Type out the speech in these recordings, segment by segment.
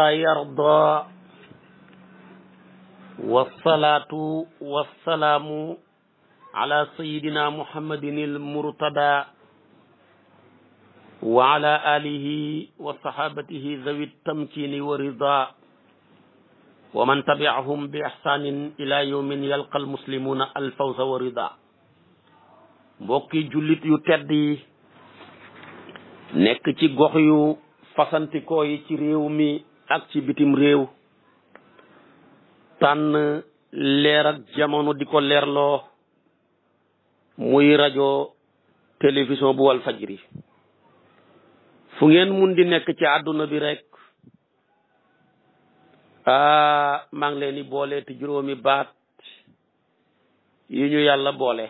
يرضى والصلاة والسلام على سيدنا محمد المرتضى وعلى آله وصحابته ذوي التمكين والرضا ومن تبعهم بإحسان إلى يوم يلقى المسلمون الفوز والرضا موكي جلت yu نكتي yi فسنتي كوي gox ak ci bitim réew tànn leer ak jamono di ko leerloo muy rajo télévision bu Walfadjri fu ngeen mun di nekk ci àdduna bi rekk ah leeni ngi leen boole te juróomi baat yi ñu yàlla boole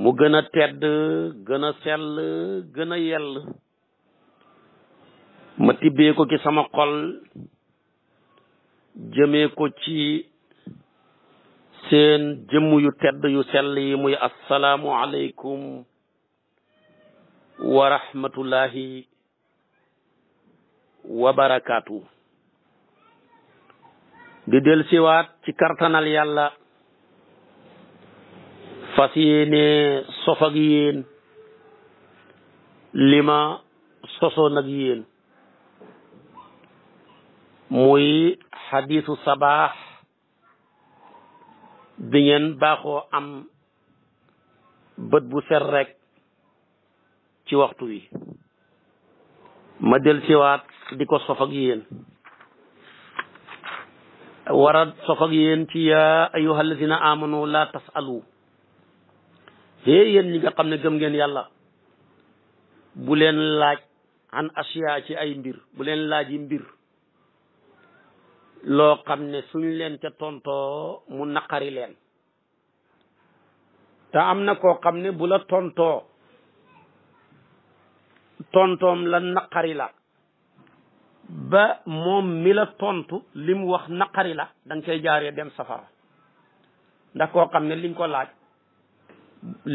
mu gën a tedd gën a sell gën a yell ma tibbee ko ci sama xol jëmee ko ci seen jëmm yu tedd yu sell yi muy assalaamu aleykum wa rahmatullahi wa barakaatu di del ci kartanal yàlla fas yéene sof yéen li ma sosoon yéen muy xadiisu sabaax bi ngeen baaxoo am bët bu set rek ci waxtu wi ma del siwaat di ko sof ak yéen war a sof ak yéen ci yaa ayuha alladina amanu la tasalu hee yéen ñi nga xam ne gëm ngeen yàlla bu leen laaj an asiya ci ay mbir bu leen laaj yi mbir loo xam ne suñ leen ca tontoo mu naqari leen te am na koo xam ne bu la tontoo tontoom la naqari la ba moom mi la tontu li mu wax naqari la da nga jaaree dem safara ndax koo xam ne liñ ko laaj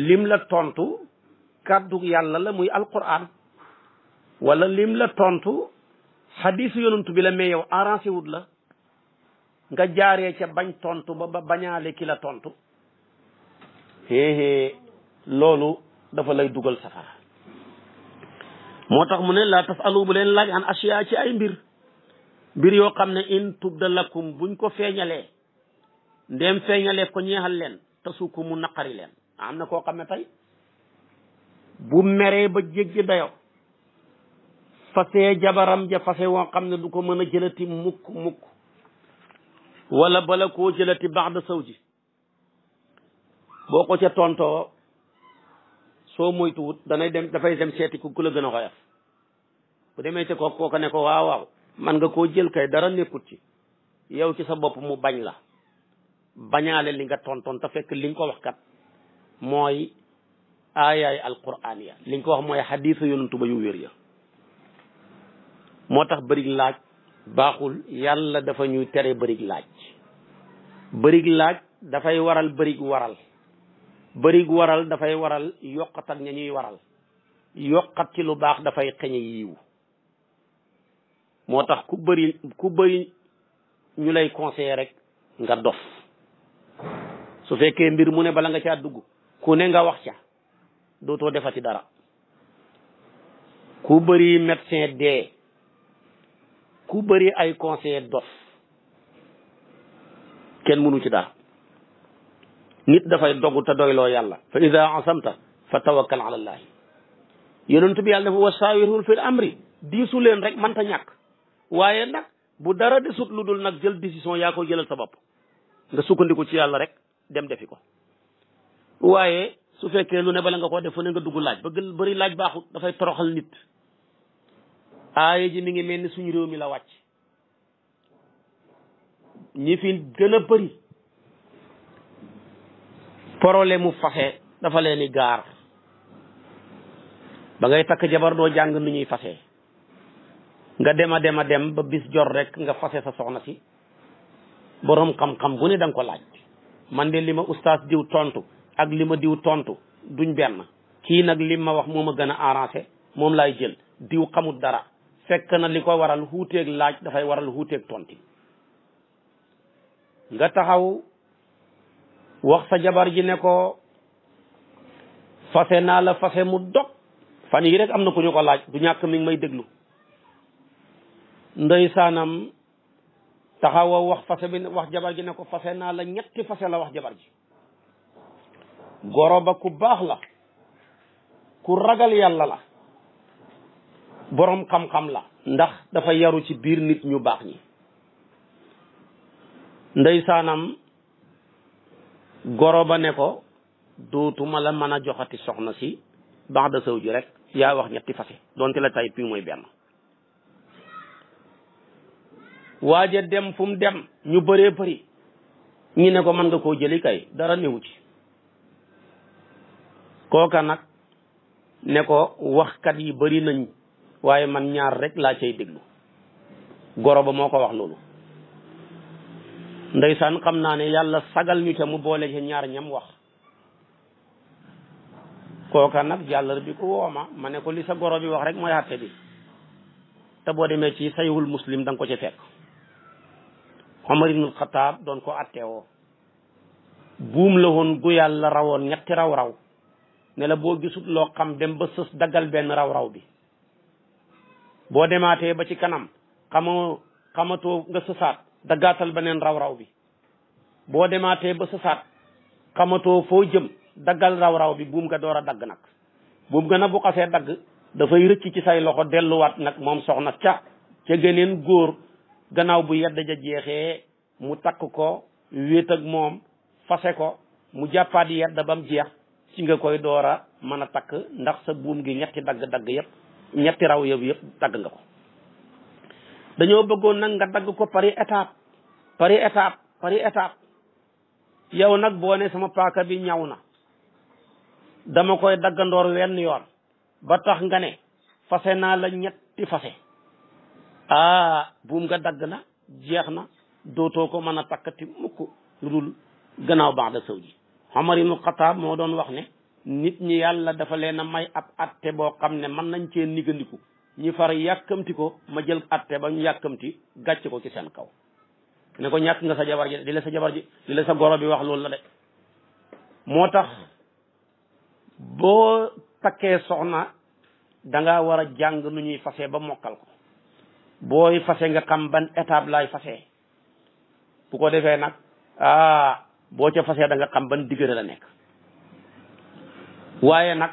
lim la tontu kàddu yàlla la muy alquran wala lim la tontu xadiisu yonent bi la mais yow arrangé wut la nga jaaree ca bañ tontu ba ba bañaale ki la tontu héehée loolu dafa lay dugal safara moo tax mu ne laa tasalu bu leen laaj an asiya ci ay mbir mbir yoo xam ne in tubda lakum buñ ko feeñalee ndéem feeñaleef ko ñeexal leen tasu ko mu naqari leen am na koo xam ne tey bu meree ba jéggi dayo fase jabaram ja fase woo xam ne du ko mën a jëlati mukk mukk wala bala koo jëlati ba'da sawji boo ko ca tontoo soo moytuwut danay dem dafay dem seeti ku ku la gën a xoyaf bu demee ca ko kooka ne ko waaw waaw man nga koo jël kay dara nekkut ci yow ci sa bopp mu bañ la bañaale li nga tontoon fekk li nga ko wax kat mooy aayaay alquran ya li nga ko wax mooy xadiisa yonantu ba yu wér ya moo tax bëri laaj baaxul yàlla dafa ñu tere bërig laaj bërig laaj dafay waral bërig waral bërig waral dafay waral yokkat ak ña ñuy waral yokkat ci lu baax dafay xeñe yiw moo tax ku bëri ku bari ñu lay conseillé rek nga dof su fekkee mbir mu ne bala nga caa dugg ku ne nga wax ca dootoo defati dara ku bëri médecin dee ku bëri ay conseiller dof kenn mënu ci dara nit dafay dogu te doyloo yàlla fa ida asamta fa tawakkal ala llahi yonentu bi yàlla dafa wa saawirhum fil amri diisu leen rek mënta ñàkk waaye nag bu dara desut lu dul nag jël décision yaa ko jëlal sa bopp nga sukkandiku ci yàlla rek dem defi ko waaye su fekkee lu ne bala nga koo def fu ne nga dugg laaj ba gën bëri laaj baaxut dafay toroxal nit aaya ji mi ngi mel ni suñu réew mi la wàcc ñi fi gën a bëri problème mu fase dafa leen di gaar ba ngay takk jabar doo jàng nu ñuy fase nga dem a dem a dem ba bis jor rek nga fase sa soxna si boroom xam-xam bu ne da ko laaj man de li ma ustaas diw tontu ak li ma diw tontu duñ benn kii nag li ma wax moo ma gën a arrangé moom laay jël diw xamut dara fekk na li ko waral xuuteeg laaj dafay waral xuuteeg tonti nga taxaw wax sa jabar ji ne ko fase naa la fase mu dog fan yi rek am na ku ñu ko laaj du ñàkk mi ngi may déglu saanam taxaw wax fase bi wax jabar ji ne ko fase naa la ñetti fase la wax jabar ji goro ba ku baax la ku ragal yàlla la boroom xam-xam la ndax dafa yaru ci biir nit ñu baax ñi ndeysaanam goro ba ne ko dootuma la mën a joxati soxna si baax da sëw ji rek yaa wax ñetti fase donte la tay pi mooy benn waaja dem fu mu dem ñu bëree bëri ñi ne ko mën nga koo jëli kay dara newu ci kooka nag ne ko waxkat yi bari nañ waaye man ñaar rek laa cay déglu goro ba moo ko wax loolu ndeysaan xam naa ne yàlla sagal ñu ca mu boole ca ñaar ñam wax kooka nag jàllar bi ko wooma ma ne ko li sa goro bi wax rek mooy àtte bi te boo demee ci sayhul muslim da nga ko ci fekk Omar ibnul doon ko attewoo buum la woon gu yàlla rawoon ñetti raw raw ne la boo gisut loo xam dem ba sës daggal benn raw raw bi boo demaatee ba ci kanam xamoo xamatoo nga sësaat daggaatal beneen raw-raw bi boo demaatee ba sësaat xamatoo foo jëm daggal raw-raw bi buum nga door a dagg nag buum nga nag bu xasee dagg dafay rëcc ci say loxo delluwaat nag moom soxna ca ca geneen góor gannaaw bu yedd ja jeexee mu takk ko wéet moom fase ko mu jàppaat yedd ba mu jeex ci nga koy door a mën a takk ndax sa buum gi ñetti dagg-dagg yépp ñetti raw yow yëpp dagg nga ko dañoo bëggoon nag nga dagg ko par étape par étape par étape yow nag boo ne sama paaka bi ñaw na dama koy daggandoor wenn yoon ba tax nga ne fase naa la ñetti fase aa ah, buum nga dagg na jeex na dootoo ko mën a takkati mukk lu dul gannaaw baax da sëw ji Omar ibnu Xataab moo doon wax ne nit ñi yàlla dafa leen a may ab atte boo xam ne man nañ cee niggandiku ñi far yàkkamti ko ma jël atte ba ñu yàkkamti gàcce ko ci seen kaw ne ko ñàkk nga sa jabar ji di la sa jabar ji di sa goro bi wax loolu la de moo tax boo takkee soxna danga war a jàng nu ñuy fase ba mokkal ko booy fase nga xam ban étape lay fase bu ko defee nag ah boo ca fasee da nga xam ban diggante la nekk waaye nag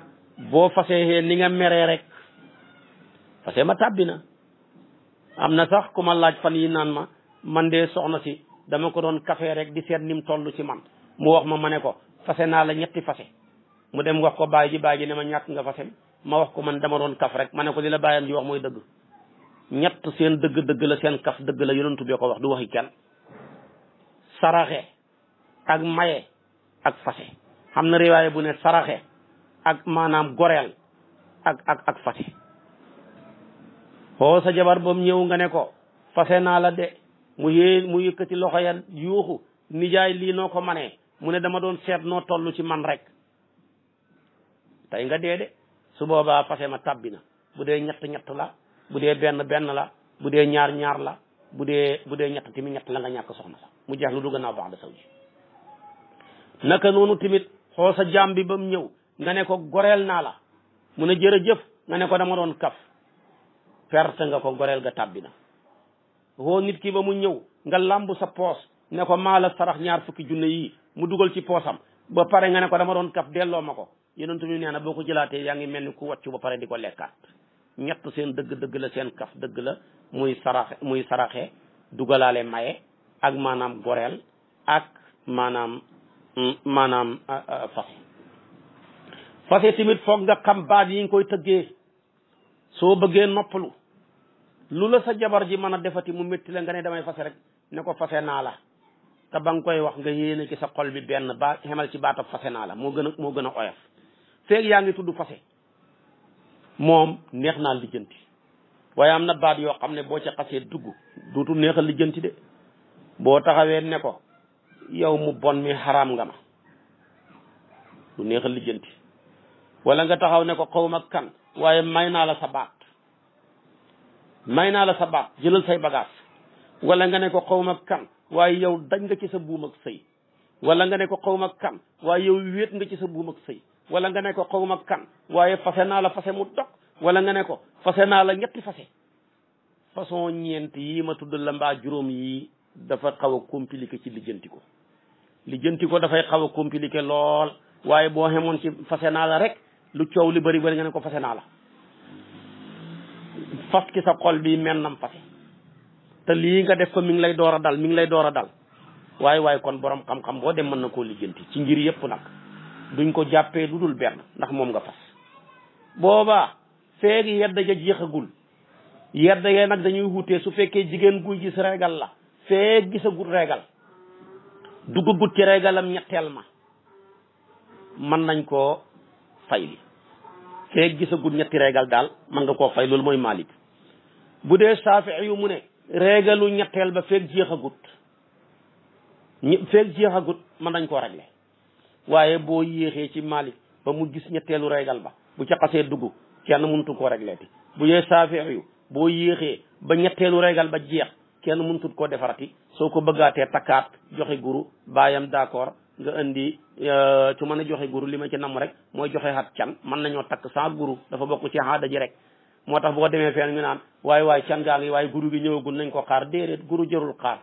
boo fasee ni nga meree rek fase ma tàbbi na am na sax ku ma laaj fan yi naan ma man de soxna si dama ko doon café rek di seet ni mu toll ci man mu wax ma ma ne ko fase naa la ñetti fase mu dem wax ko baay ji baay ji ne ma ñàkk nga fase ma wax ko man dama doon kaf rek ma ne ko li la baayam ji wax mooy dëgg ñett seen dëgg dëgg la seen kaf dëgg la yonentu tubee ko wax du waxi kenn saraxe ak maye ak fase xam na riwaaye bu ne saraxe ak maanaam goreel ak ak ak fase oo sa jabar bam ñëw nga ne ko fase naa la de mu yée mu yëkkati loxo ya yuuxu nijaay lii noo ko mane mu ne dama doon seet noo tollu ci man rek tey nga dee de su boobaa fase ma tàbbi na bu dee ñett ñett la bu dee benn benn la bu dee ñaar ñaar la bu dee bu dee ñett tamit ñett la nga ñàkk soxna sa mu jeex lu du gannaaw baax da saw naka noonu tamit xoo sa jaam bi ñëw nga ne ko goreel naa la mu ne jërëjëf nga ne ko dama doon kaf perte nga ko goreel ga tàbbi na woo nit kii ba mu ñëw nga làmb sa poos ne ko maa la sarax ñaar fukki junne yii mu dugal ci poosam ba pare nga ne ko dama doon kaf delloo ma ko yonent bi nee na boo ko jëlaatee yaa ngi mel ni ku wàccu ba pare di ko lekkaat ñett seen dëgg dëgg la seen kaf dëgg la muy saraxe muy saraxe dugalaale maye ak maanaam goreel ak maanaam mm, maanaam fas fase tamit foog nga xam baat yi nga koy tëggee soo bëggee noppalu lu la sa jabar ji mën a defati mu métti la nga ne damay fase rek ne ko fase naa la te ba nga koy wax nga yéene ci sa xol bi benn ba xemal ci baat ak fase naa la moo gën a moo gën a oyof feeg yaa ngi tudd fase moom neex naa lijjanti waaye am na baat yoo xam ne boo ca xasee dugg duutu neex a lijjanti de boo taxawee ne ko yow mu bon mi xaraam nga ma du neex a lijjanti wala nga taxaw ne ko xaw ma kan waaye may naa la sa baat may naa la sa baat jëlal say bagaas wala nga ne ko xaw ma kan waaye yow dañ nga ci sa buum ak sëy wala nga ne ko xaw ma kan waaye yow wéet nga ci sa buum ak sëy wala nga ne ko xaw ma kan waaye fase naa la fase mu dog wala nga ne ko fase naa la ñetti fase façon ñeent yi ma tudd la mbaa juróom yi dafa xaw a compliqué ci lijjanti ko lijjanti ko dafay xaw a compliqué lool waaye boo xemoon ci fase naa la rek lu coow li bari bari nga ne ko fase naa la fas ki sa xol bi mel fase te lii nga def ko mi ngi lay door a dal mi ngi lay door a dal waaye waaye kon boroom xam-xam boo dem mën na koo lijjanti ci ngir yépp nag duñ ko jàppee lu dul benn ndax moom nga fas boobaa feegi yedda ja jeexagul yedda yee nag dañuy wutee su fekkee jigéen guy gis reegal la feeg gisagul reegal dugagut ci reegalam ñetteel ma mën nañ ko fay li feeg gisagul ñetti régal daal mën nga koo fay loolu mooy Malik bu dee Saafi'i yu mu ne régalu ñetteel ba feeg jeexagut ñi feeg jeexagut mën nañ koo régler waaye boo yéexee ci Malik ba mu gis ñetteelu régal ba bu ca xasee dugg kenn mënutu koo régler ti bu dee Saafi'i yu boo yéexee ba ñetteelu régal ba jeex kenn mënutut koo defarati soo ko bëggaatee takkaat joxe guru baayam d'accord nga indi ci mën a joxe guru li ma ci nam rek mooy joxe xat can man nañoo takk sans guru dafa bokk ci aada ji rek moo tax bu demee fenn ñu naan waaye waaye can gaa ngi waaye guru gi ñëwagul nañ ko xaar déedéet guru jërul xaar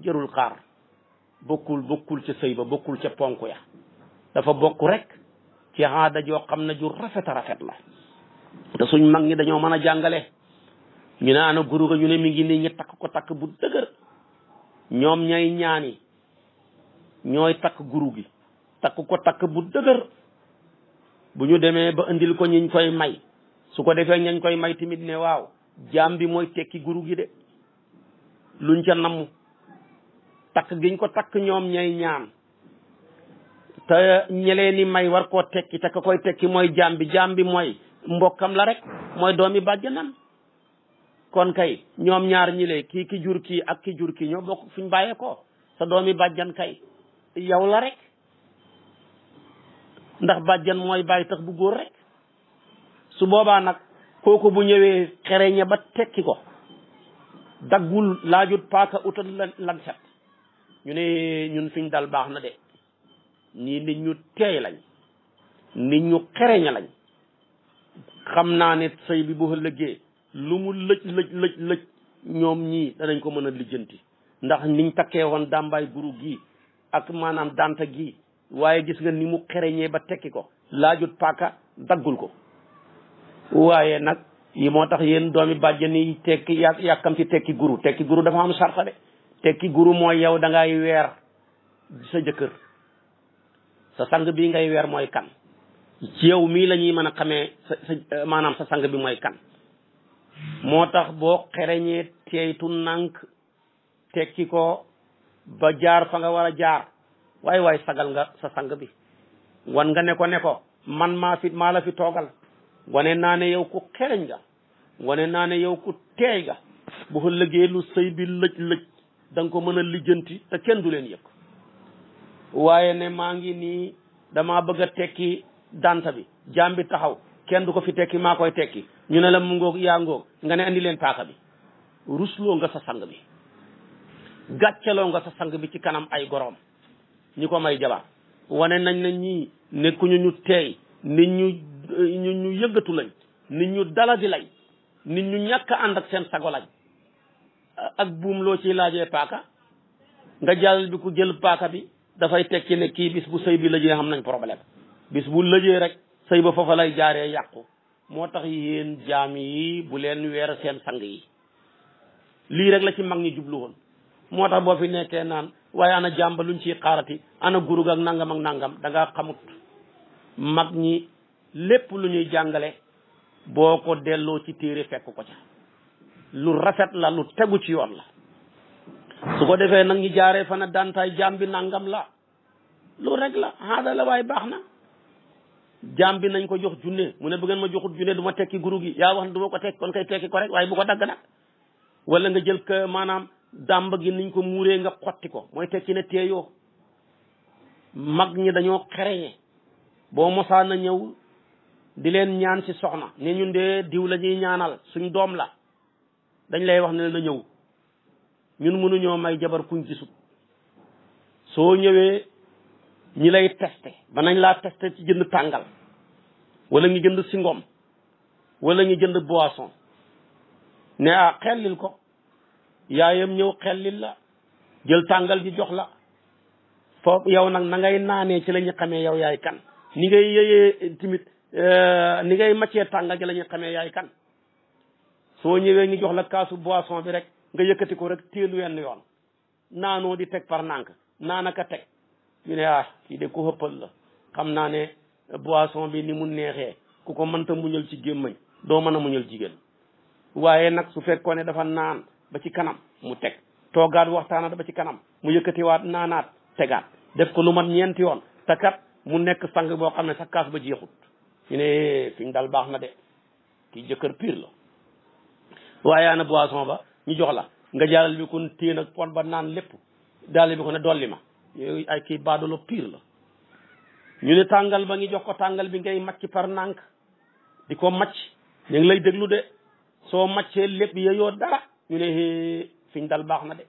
jërul xaar bokkul bokkul ca sëy ba bokkul ca ponk ya dafa bokk rek ci aada joo xam ne ju rafet a rafet la te suñ mag ñi dañoo mën a jàngale ñu ne ana guru ga ñu ne mi ngi nii ñu takk ko takk bu dëgër ñoom ñay ñaani ñooy takk guru gi takk ko takk bu dëgër bu ñu demee ba indil ko ñiñ koy may su ko defee ñañ koy may tamit ne waaw jaam bi mooy tekki guru gi de luñ ca namm takk giñ ko takk ñoom ñay ñaan te ñelee ni may war ko tekki te ka koy tekki mooy jaam bi jaam bi mooy mbokkam la rek mooy doomi bàjjanam kon kay ñoom ñaar ñile le ki jur kii ak ki jur kii ñoo bokk fuñ bàyyee ko sa doomi bàjjan kay yow la rek ndax bàjjan mooy bàyyi tax bu góor rek su boobaa nag kooku bu ñëwee xereñe ba tekki ko daggul laajut paaka utal lancet ñu ne ñun fiñ dal baax na de nii nit ñu teey lañ nit ñu xereñe lañ xam naa nit sëy bi bu ëllëgee lu mu lëj lëj lëj ñoom ñii danañ ko mën a lijjanti ndax niñ takkee woon dàmbaay guru gii ak maanaam danta gi waaye gis nga ni mu xereñee ba tekki ko laajut paaka daggul ko waaye nag yi moo tax yéen doomi bàjjen ni tekki yà yàkkam tekki guru tekki guru dafa am sarta de tekki guru mooy yow dangay weer sa jëkkër sa sang bi ngay weer mooy kan yow mii lañuy mën a xamee euh, maanaam sa sang bi mooy kan moo tax boo xereñee teeytu nànk tekki ko ba jaar fa nga war a jaar waaye waay sagal nga sa sang bi wan nga ne ko ne ko man maa fi maa la fi toogal wane naa ne yow ku xereñ nga wane naa ne yow ku teey nga bu ko lëggee lu sëy bi lëj lëj da ko mën a lijjanti te kenn du leen yëg waaye ne maa ngi nii dama bëgg a tekki danta bi jaam bi taxaw kendu ko fi tekki maa koy tekki ñu ne la mu ngoog yaa ngoog nga ne andi leen paaka bi rusloo nga sa sang bi gàccaloo nga sa sang bi ci kanam ay goroom ñi ko may jabar wane nañ na ñii nekkuñu ñu teey nit ñu ñu ñu yëggatu lañ nit ñu daladi lañ nit ñu ñàkk ànd ak seen sago lañ ak buum loo ciy laajee paaka nga jàll bi ku jël paaka bi dafay tekki ne kii bis bu sëy bi lëjee xam nañ problème bis bu lëjee rek sëy ba foofa lay jaaree yàqu moo tax yéen jaam yi bu leen weer seen sang yi lii rek la ci mag ñi jublu woon moo tax boo fi nekkee naan waaye ana jàmba luñ ciy xaarati ana gurug ak nangam ak nangam da ngaa xamut mag ñi lépp lu ñuy jàngale boo ko delloo ci téere fekk ko ca lu rafet la lu tegu ci yoon la su ko defee nag ñu jaaree fana dantaay jaam bi nangam la lu rek la xaada la waaye baax na jaam nañ ko jox junne mu ne bu ngeen ma joxut junne du ma tekki guru gi yaa wax ne du ma ko tekki kon kay tekki ko rek waaye bu ko dagg nag wala nga jël maanaam dàmb gi niñ ko muuree nga xotti ko mooy tekki ne teeyoo mag ñi dañoo xereñe boo mosaan a ñëw di leen ñaan si soxna ne ñun de diw lañuy ñaanal suñ doom la dañ lay wax ne na ñëw ñun mënuñoo may jabar kuñ gisut soo ñëwee ñi lay testé ba nañ laa testé ci jënd tàngal wala ngi jënd singom wala ngi jënd boisson ne ah xellil ko yaayam ñëw xellil la jël tàngal ji jox la foofu yow nag na ngay naanee ci la xamee yow yaay kan ni ngay yëyee tamit euh, ni ngay màccee tàngal ji lañuy xamee yaay kan soo ñëwee ñu jox la kaasu boisson bi rek nga yëkkati ko rek téelu wenn yoon naanoo di teg par nànk naanaka teg ñu ne ah kii de ko xëppal la xam naa ne boisson bi ni mu neexee ku ko mënta muñal ci gémmañ doo mën a muñal jigéen waaye nag su fekkoon dafa naan ba ci kanam mu teg toogaat waxtaanaat ba ci kanam mu yëkkatiwaat naanaat tegaat def ko lu mat ñeenti yoon te kat mu nekk sang boo xam ne sa kaas ba jeexut ñu ne fiñ dal baax na de ki jëkkër pire la waaye boisson ba ñu jox la nga jaaral bi kun téen ak pon ba naan lépp daal bi ko ne dolli ma yooyu ay kii baadolo pire la ñu ne tàngal ba ngi jox ko tàngal bi ngay macc par nànk di macc ñu lay déglu de soo maccee lépp yeyoo dara ñu ne fiñ dal baax na de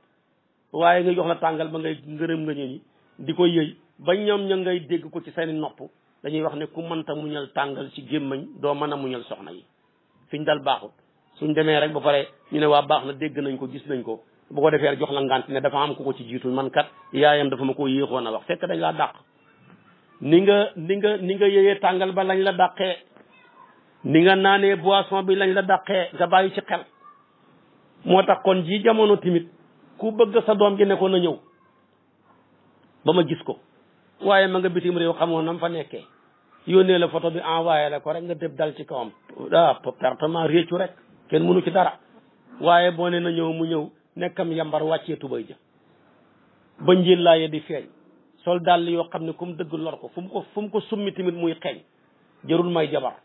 waaye nga jox la tàngal ba ngay ngërëm nga ñëw di ko yëy ba ñoom ña ngay dégg ko ci seeni nopp dañuy wax ne ku mënta muñal tàngal ci gémmañ doo mën a muñal soxna yi fiñ dal baaxut suñ demee rek bu pare ñu ne waa baax na dégg nañ ko gis nañ ko bu ko defee jox la ngant ne dafa am ku ko ci jiitu man kat yaayam dafa ma ko yéexoon a wax fekk dañ laa dàq ni nga ni nga ni nga yëyee tàngal ba lañ la dàqee ni nga naanee boisson lañ la dàqee nga bàyyi ci xel moo tax kon ji jamono timit ku bëgg sa doom gi ne ko na ñëw ba ma gis ko waaye ma nga bitim réew xamoon na mu fa nekkee yónnee la photo bi envoyé la ko rek nga dem dal ci kawam ah pertement réccu rek kenn mënu ci dara waaye boo ne na ñëw mu ñëw nekkam yambar wàccee tubay ja ba njël laaye di feeñ sol dàll yoo xam ne comme mu dëgg lor ko fu mu ko fu mu summi tamit muy xeeñ jërul may jabar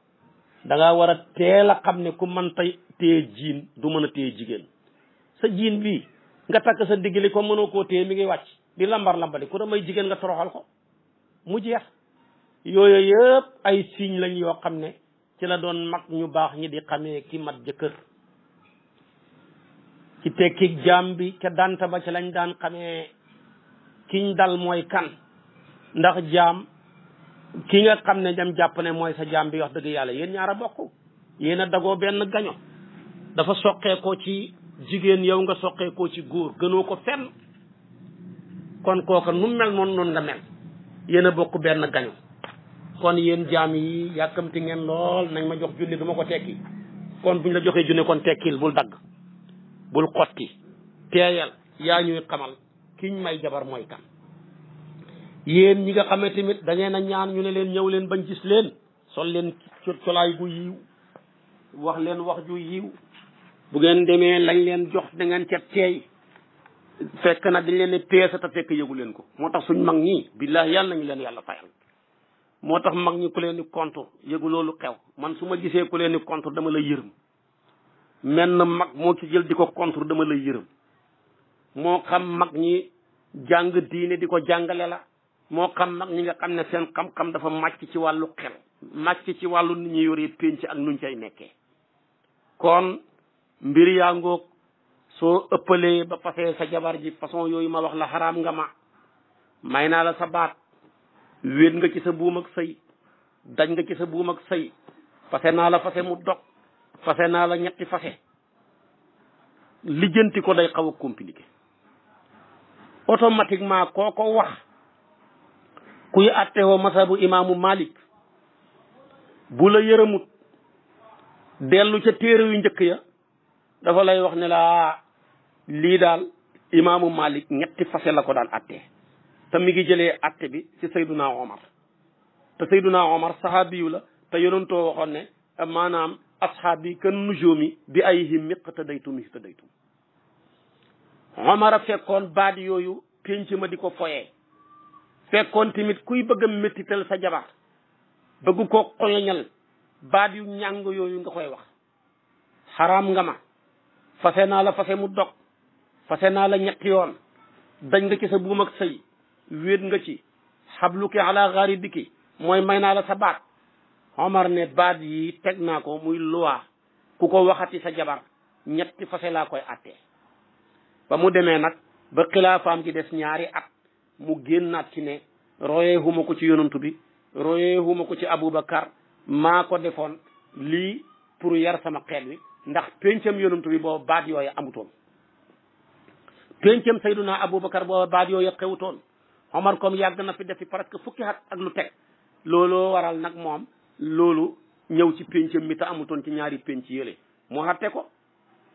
da ngaa teel a xam ne ku man tey téye jiin du mën a téye jigéen sa jiin bii nga takk sa digg li ko mënoo koo téye mi ngi wàcc di lambar lambari ku ay jigéen nga toroxal ko mu jeex yooyu yëpp ay signe lañ yoo xam ne ci la doon mag ñu baax ñi di xamee ki mat jëkkër ci tekki jaam bi ca danta ba ci lañ daan xamee kiñ dal mooy kan ndax jaam ki nga xam ne jam jàpp ne mooy sa jaam bi wax dëgg yàlla yéen ñaar a bokk a dagoo benn gaño dafa soqeekoo ci jigéen yow nga soqeekoo ci góor gënoo ko fenn kon kooka nu mel noonu noonu nga mel yéen a bokk benn gañu kon yéen jaam yi yàkkamti ngeen lool nañ ma jox junni du ma ko tekki kon bu ñu la joxee junni kon tekkil bul dagg bul xotti teeyal yaa ñuy xamal kiñ may jabar mooy kan yéen ñi nga xamee tamit dangeen ngeen a ñaan ñu ne leen ñëw leen bañ gis leen sol leen colaay gu yiw wax leen wax ju yiw bu ngeen demee lañ leen jox da ngeen ca teey fekk na dañ leen peesa ta fekk yëgu leen ko moo tax suñ mag ñi billahi yàlla ñu leen yàlla fayal moo tax mag ñi ku leen ni contre yëgu loolu xew man su ma ku leen ni dama la yërëm menn mag moo ci jël di ko dama la yërëm moo xam mag ñi jàng diine di ko jàngale la moo xam mag ñi nga xam ne seen xam-xam dafa màcc ci wàllu xel màcc ci wàllu nit ñi penc ak nuñ cay nekkee kon mbir yaa ngoog soo ëppalee ba pasee sa jabar ji façon yooyu ma wax la xaraam nga ma may naa la sa baat wéet nga sa buum sëy dañ nga ci sa buum ak sëy fase naa la fase mu dog fase naa la ñetti fase lijjanti ko day xaw a compliqué automatiquement koo ko wax kuy attewoo masabu imaamu Malik bu la yërëmut dellu ca téere yu njëkk ya dafa lay wax ne laa lii daal imaamu malik ñetti fase la ko daan attee te mi ngi jëlee atte bi ci sayduna omar te sayduna omar sahaabiyu la te yonentoo waxoon ne maanaam ashaabi kan nujoomi bi ay him iqtadaytum ihtadaytum omar a fekkoon baat yooyu pénc ma di ko foye fekkoon tamit kuy bëgg a méttital sa jabar bëgg koo xoyoñal baat yu ñàng yooyu nga koy wax xaraam nga ma fase naa la fase mu dog fase naa la ñetti yoon dañ nga ci sa buum ak sëy wéet nga ci xabluki ala xaaridiki mooy may naa la sa baat Omar ne baat yi teg naa ko muy loi ku ko waxati sa jabar ñetti fase laa koy àtte ba mu demee nag ba xilaafaam gi des ñaari at mu génnaat ci ne royeexuma ko ci yonantu bi royeexuma ko ci Aboubacar maa ko defoon lii pour yar sama xeet wi ndax pencam yonantu bi booba baat yooyu amutoon pencam sayduna aboubacar booba baat yooyu xewutoon omar comme yàgg na fi defi presque fukki at ak lu teg looloo waral nag moom loolu ñëw ci pencam mi te amutoon ci ñaari penc yële mu xatte ko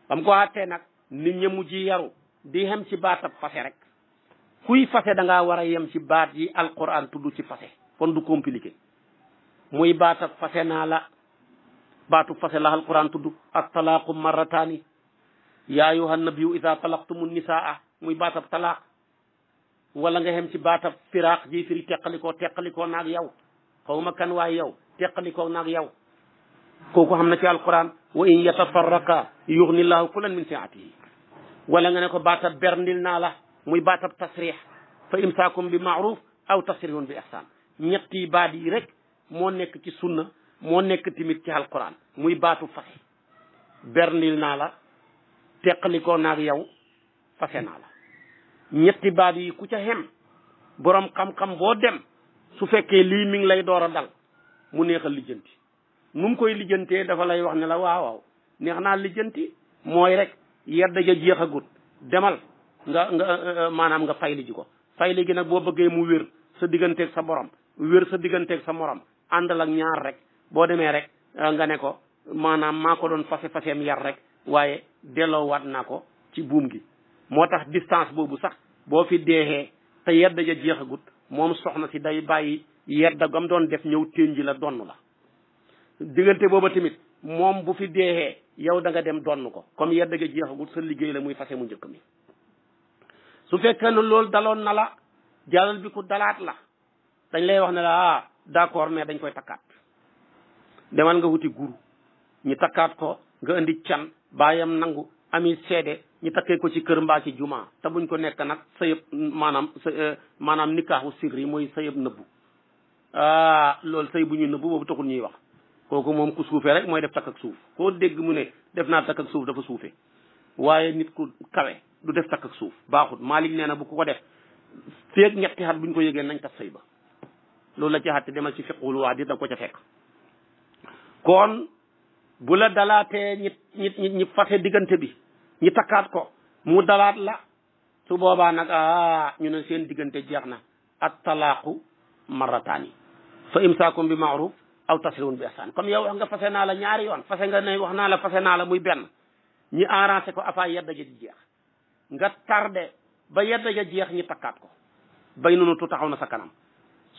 bam ko xattee nag ni ñi ji yaru di yem ci baat fase rek kuy fase danga ngaa war a yem ci baat yi alquran tudd ci fase kon du compliqué muy baatab fase naa la baatu fase la alquran tudd ak talaaqu marrataani yaa ayuha nabiyu ida talaqtumu nisaa muy baatab talaaq wala nga xem ci baatab firaaq ji firi teqalikoo teqalikoo naag yow xaw ma kan waaye yow teqalikoo naag yow na ci alquran wa in yatafarraqa yugni llahu kulan min saatihi wala nga ne ko baatab berndil naa la muy baatab tasrix fa imsaakum bi maaruf aw tasrihun bi ihsan ñetti baat yi rek moo nekk ci sunna moo nekk tamit ci alquran muy baatu fase bernil naa la teqalikoo naag yow fase naa la ñetti baat yi ku ca xem borom xam-xam boo dem su fekkee lii mi ngi lay door a dal mu neex a lijjanti nu mu koy lijjantee dafa lay wax ne la waaw waaw neex naa lijjanti mooy rek yedd ja jeexagut demal nga nga euh, maanaam nga fayli ji ko fayli gi nag boo bëggee mu wér sa digganteeg sa borom wér sa digganteeg sa morom àndal ak ñaar rek boo demee rek euh, nga ne ko maanaam maa ko doon fase faseem yar rek waaye delloowaat naa ko ci buum gi moo tax distance boobu sax boo fi deexee te yedd ja jeexagut moom soxna si day bàyyi yedd gam doon def ñëw ténji la donn la diggante boobu tamit moom bu fi deexee yow da nga dem donn ko comme yedd ga jeexagut sa liggéey la muy fase mu njëkk mi su fekkee ne loolu daloon na la jàllal bi ku dalaat la dañ lay wax ne la ah d'accord mais dañ koy takkaat demal nga wuti guru ñu takkaat ko nga indi can baayam nangu ami seede ñu takkee ko ci kër mbaa ci juma te buñ ko nekk nag sa yëpp maanaam sa eh, maanaam nikaaxu sirri mooy sa yëpp nëbbu ah loolu sëy bu ñu nëbbu boobu taxul ñuy wax kooku moom ku suufee rek mooy def takk ak suuf koo dégg mu ne def naa takk ak suuf dafa suufe waaye nit ku kawe du def takk ak suuf baaxut Malick nee na bu ko ko def feeg ñetti xat buñ ko yëgee nañ tas say ba loolu la ci xatte demal ci fiqhul waadi da ko ca fekk kon bu la dalaatee ñi ñi ñi fase diggante bi ñi takkaat ko mu dalaat la su boobaa nag ah ñu ne seen diggante jeex na at talaaqu marrataani fa imsaakum bi maaruf aw tasriwun bi ihsaan comme yow wax nga fase naa la ñaari yoon fase nga ne wax naa la fase naa la muy benn ñi arrangé ko afaa yedda ja di jeex nga tardé ba yedda ja jeex ñi takkaat ko bay nunu tu taxaw na sa kanam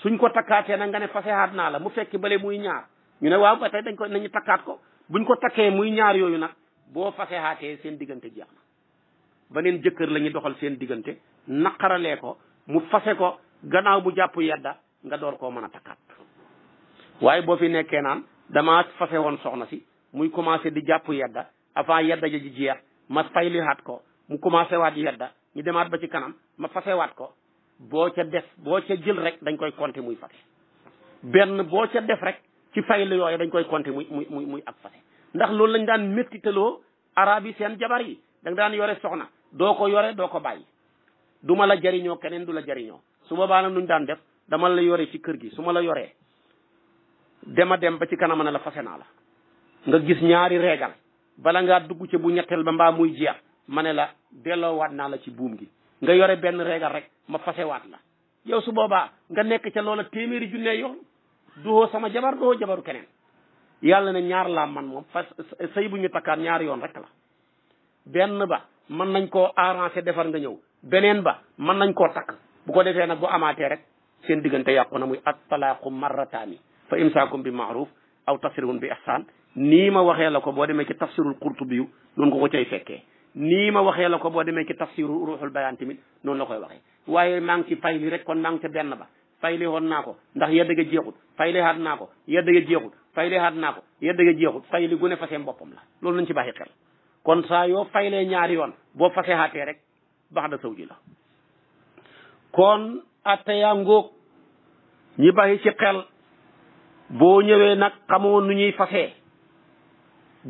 suñ ko takkaatee nag nga ne fasehaat naa la mu fekk bale muy ñaar ñu ne waaw ba tey dañ ko takkaat ko buñ ko takkee muy ñaar yooyu nag boo fasehaatee seen diggante jeex na beneen jëkkër lañuy doxal seen diggante naqaralee ko mu fase ko gannaaw bu jàpp yedda nga door koo mën a takkaat waaye boo fi nekkee naan dama fase woon soxna si muy commencé di jàpp yedda avant yedda ja ji jeex ma faylihaat ko mu commencé waat yedda ñu demaat ba ci kanam ma fasewaat ko boo ca def boo ca jël rek dañ koy compter muy fase benn boo ca def rek ci fayl yooyu dañ koy compter muy muy muy muy ak fase ndax loolu lañ daan méttitaloo arab yi seen jabar yi da daan yore soxna doo ko yore doo ko bàyyi duma la jariñoo keneen du la jariñoo su boobaa nag nuñ daan def dama la yore ci kër gi su la yoree dema dem ba ci kanam ne la fasé naa la nga gis ñaari reegal bala ngaa dugg ci bu ñetteel ba mbaa muy jeex ma ne la delloowaat naa la ci buum gi nga yore benn reegal rek ma la yow su boobaa nga nekk ca loola téeméeri yoon duhoo sama jabar duhoo jabaru keneen yàlla ne ñaar laa man moom fas sëy bu ñu takkaat ñaar yoon rek la benn ba mën nañ koo arranger defar nga ñëw beneen ba mën nañ koo takk bu ko defee nag bu amaatee rek seen diggante yàqu na muy at-talaaqu marrataani fa imsaakum bi ma'ruf aw tasrihun bi ihsan nii ma waxee la ko boo demee ci tafsirul qurtubi yu noonu ko ko cay fekkee nii ma waxee la ko boo demee ci tafsiru ruuxul bayaan tamit noonu la koy waxee waaye maa ngi ci fay li rek kon maa ngi benn ba fayle woon naa ko ndax yedda ga jeexut fayle haat naa ko yedda ga jeexut fayle haat fayli gu ne faseem boppam la loolu nañ ci bàyyi xel kon saa yoo faylee ñaari yoon boo fase haatee rek bax da saw ji la kon attaya ngóog ñi bàyyi ci xel boo ñëwee nag xamoo nu ñuy fase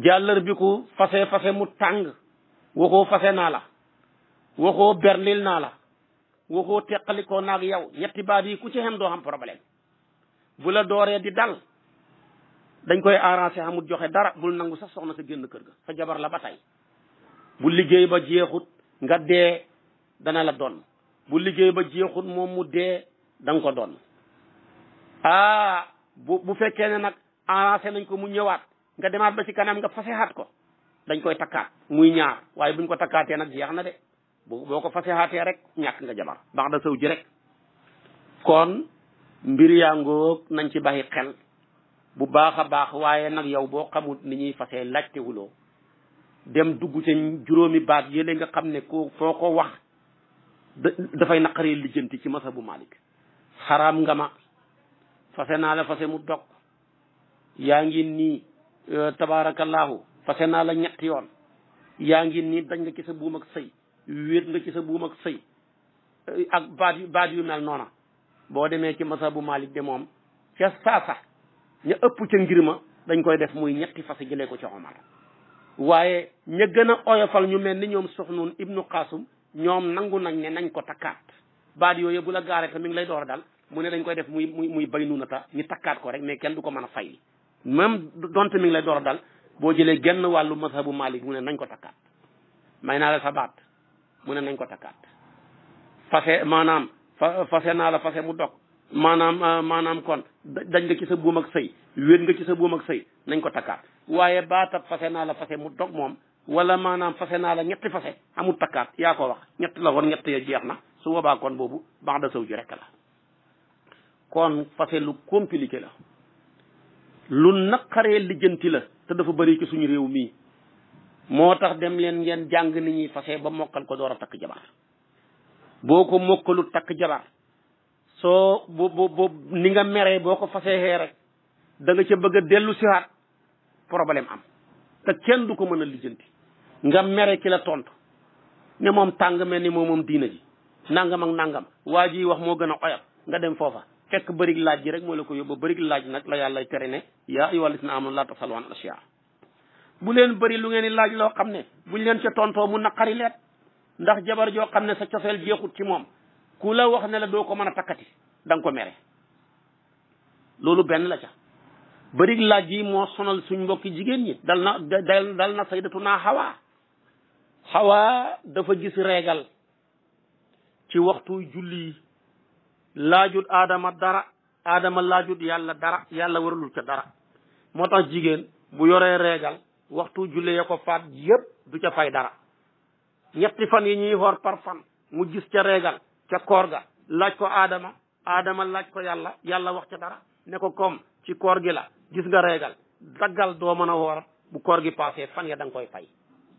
jàllar bi ku fase fase mu tàng waxoo fase naa la waxoo bernil naa la waxoo teqalikoo naag yow ñetti baat yi ku ci xem doo xam problème bu la dooree di dal dañ koy arrangé xamul joxe dara bul nangu sax soxna sa génn kër ga fa jabar la ba tey bu liggéey ba jeexut nga dee dana la doon bu liggéey ba jeexut moom mu dee da nga ko doon ah bu fekkee ne nag arrangé nañ ko mu ñëwaat nga demaat ba ci kanam nga fasehaat ko dañ koy takkaat muy ñaar waaye buñ ko takkaatee nag jeex na de boo ko fasehaatee rek ñàkk nga jabar baax da saw ji rek kon mbir yaa ngoog nañ ci bàyyi xel bu baax a baax waaye nag yow boo xamul ni ñuy fasee laajte wuloo dem dugg ca juróomi baat yële nga xam ne ko foo ko wax dafay naqaree lijjanti ci masa bu Malik xaram nga ma fase naa la fase mu dog yaa ngi nii euh, tabaarakallaahu fase naa la ñetti yoon yaa ngi nii dañ nga gis a buum sëy wéet nga ci sa buum ak sëy ak baat yu baat yu mel noona boo demee ci masa bu Malik de moom ca saasa ña ëpp ca ngir ma dañ koy def muy ñetti fas jëlee ko ci Omar waaye ña gën a oyofal ñu mel ni ñoom soxnuun ibnu Qasum ñoom nangu nañ ne nañ ko takkaat baat yooyu bu la gaaree te ngi lay door a dal mu ne dañ koy def muy muy muy bay nunata ñu takkaat ko rek mais kenn du ko mën a fay même donte mi ngi lay door a dal boo jëlee genn wàllu mazhabu bu mu ne nañ ko takkaat may naa la baat mu ne nañ ko takkaat fase maanaam fa fase naa la fase mu dog maanaam euh, maanaam kon dañ nga ci sa buum ak sëy wéet nga ci sa buum ak sëy nañ ko takkaat waaye baatab fase naa la fase mu dog moom wala maanaam fase naa la ñetti fase amul takkaat yaa ko wax ñett la woon ñett ya jeex na su boobaa kon boobu baax da saw ji rek la kon fase lu compliqué la lu naqaree lijjanti la te dafa bëri ci suñu réew mii moo tax dem leen ngeen jàng ni ñuy fase ba mokkal ko door a takk jabar boo ko mokkalu takk jabar soo bu bu bu ni nga meree boo ko fasexee rek da nga ca bëgg dellu siwaat problème am te kenn du ko mën a lijjanti nga mere ki la tontu ne moom tàng mel ni moom moom diina ji nangam ak nangam waa ji wax moo gën a oyof nga dem foofa fekk bërig laaj ji rek moo la ko yóbbu bërig laaj nag la yàlla tere ne yaa ayyuhal lazina amanu laa tasalu an asyaa bu leen bëri lu ngeen laaj loo xam ne bu ñu leen ca tontoo mu naqari leet ndax jabar joo xam ne sa cofeel jeexut ci moom ku la wax ne la doo ko mën a takkati da ko mere loolu benn la ca bëri laaj yi moo sonal suñ mbokki jigéen ñi dal na dal na saydatu naa xawaa xawaa dafa gis reegal ci waxtu julli yi laajut aadama dara aadama laajut yàlla dara yàlla waralul ca dara moo tax jigéen bu yoree reegal waxtu julle ya ko faat yépp du ca fay dara ñetti fan yi ñuy xoor par fan mu gis ca reegal ca koor ga laaj ko aadama aadama laaj ko yàlla yàlla wax ca dara ne ko kom ci koor gi la gis nga reegal daggal doo mën a woor bu koor gi passé fan ya da nga koy fay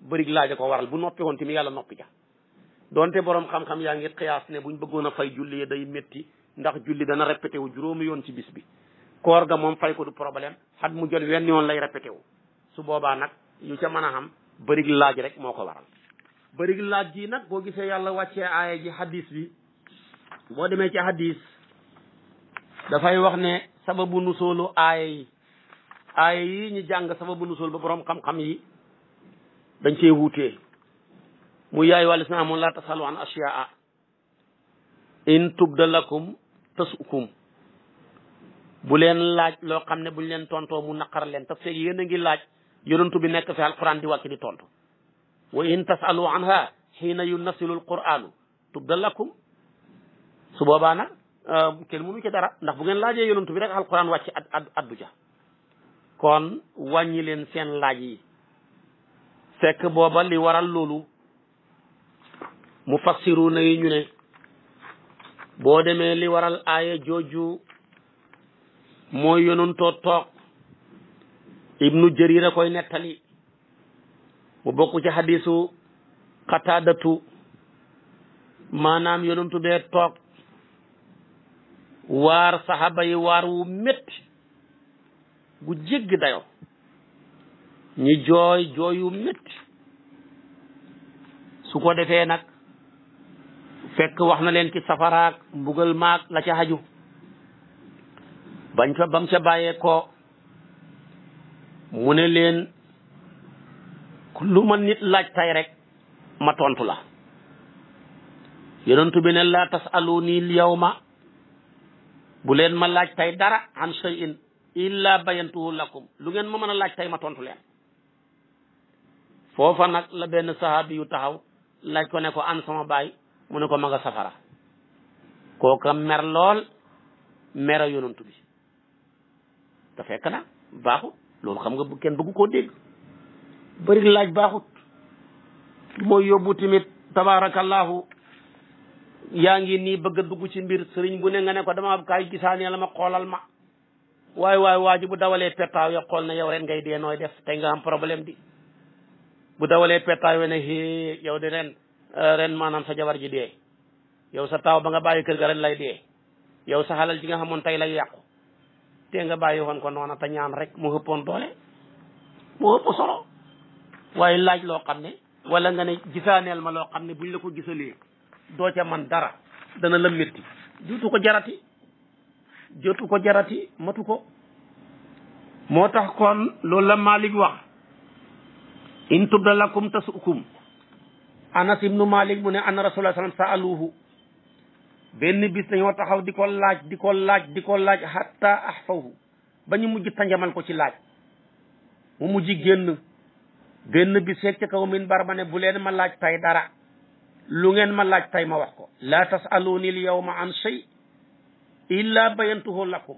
bërig laaja ko waral bu noppi woon tamit yàlla noppi ja doonte borom xam-xam yaa ngi xiyaas ne buñ bëggoon a fay julli yi day métti ndax julli dana répété wu juróomi yoon ci bis bi koor ga moom fay ko du problème xat mu jot wenn yoon lay répété wu su boba nak yu ca mën xam bërig laaj rek moko waral bërig laaj gi nak bo gisee yàlla aaya ji hadis bi boo demee ci hadis dafay wax ne sababu nusoolu aaya yi aaya yi ñu jàng sababu nusool ba borom xam-xam yi dañ cee wuutee mu yaay wàlli sina moon la tasalu an in tubda tasukum bu leen laaj loo xam ne buñ leen tontoo mu naqar leen te yéen a ngi laaj yonentu bi nekk fi alquran di wàcc di tontu wa in tasalu anha xiina yunasilu alquranu tubda lakum su boobaa nag euh, kenn mënu ci dara ndax bu ngeen laajee yonentu bi rek alquran wàcc ad addu ja kon wàññi leen seen laaj yi fekk booba li waral loolu mufassiruna yi ñu ne boo demee li waral aaya jooju mooy yonentoo toog ibnu jarir a koy nettali mu bokk ci hadisu xataadatu maanaam yonentu bee toog waar saxaaba yi waar wu métti gu jéggi dayo ñi jooy jooy wu métti su ko defee nag fekk wax na leen ci safaraak mbugal maak la ca haju bam ca bàyyee ko mu ne leen lu ma nit laaj tay rek ma tontu la yonentu bi ne laa tasaluni lyawma bu leen ma laaj tay dara an shay'in illa bayantuhu lakum lu ngeen ma mën a laaj tay ma tontu leen foofa nag la benn sahaabi yu taxaw laaj ko ne ko an sama baay mu ne ko ma nga safara kooka mer lool mera yonentu bi te fekk na baaxut loolu xam nga kenn bëgg koo dégg bari laaj baaxut mooy yóbbu tamit tabaarakallahu yaa ngi nii bëgg a dugg ci mbir sëriñ bu ne nga ne ko dama kaay gisaanee la ma xoolal ma waaye waaye waaju bu dawalee pettaaw ya xool na yow ren ngay dee nooy def tey nga am problème di bu dawalee pettaaw ya ne yow di ren euh, ren maanaam sa jabar ji dee yow sa taaw ba nga bàyyi kër ga ren lay dee yow sa halal ji nga xamoon tey lay yàqu te nga bàyyi woon ko noona te ñaan rek mu ëppoon doole mu ëpp solo waaye laaj loo xam ne wala nga ne gisaaneel ma loo xam ne buñ la ko gisalee doo ca man dara dana la métti duutu ko jarati jotu ko jarati matu ko moo tax kon loolu la Malik wax in tubda lakum tasukum anas ibnu Malik mu ne anna rasulullah sallam saaluhu benn bis dañoo taxaw di ko laaj di ko laaj di ko laaj hatta ahfahu ba ñu mujj tanjamal ko ci laaj mu mujj génn benn bis rek ca min bar ma ne bu leen ma laaj tay dara lu ngeen ma laaj tay ma wax ko la tasaluni al yawma an shay illa bayantuhu lakum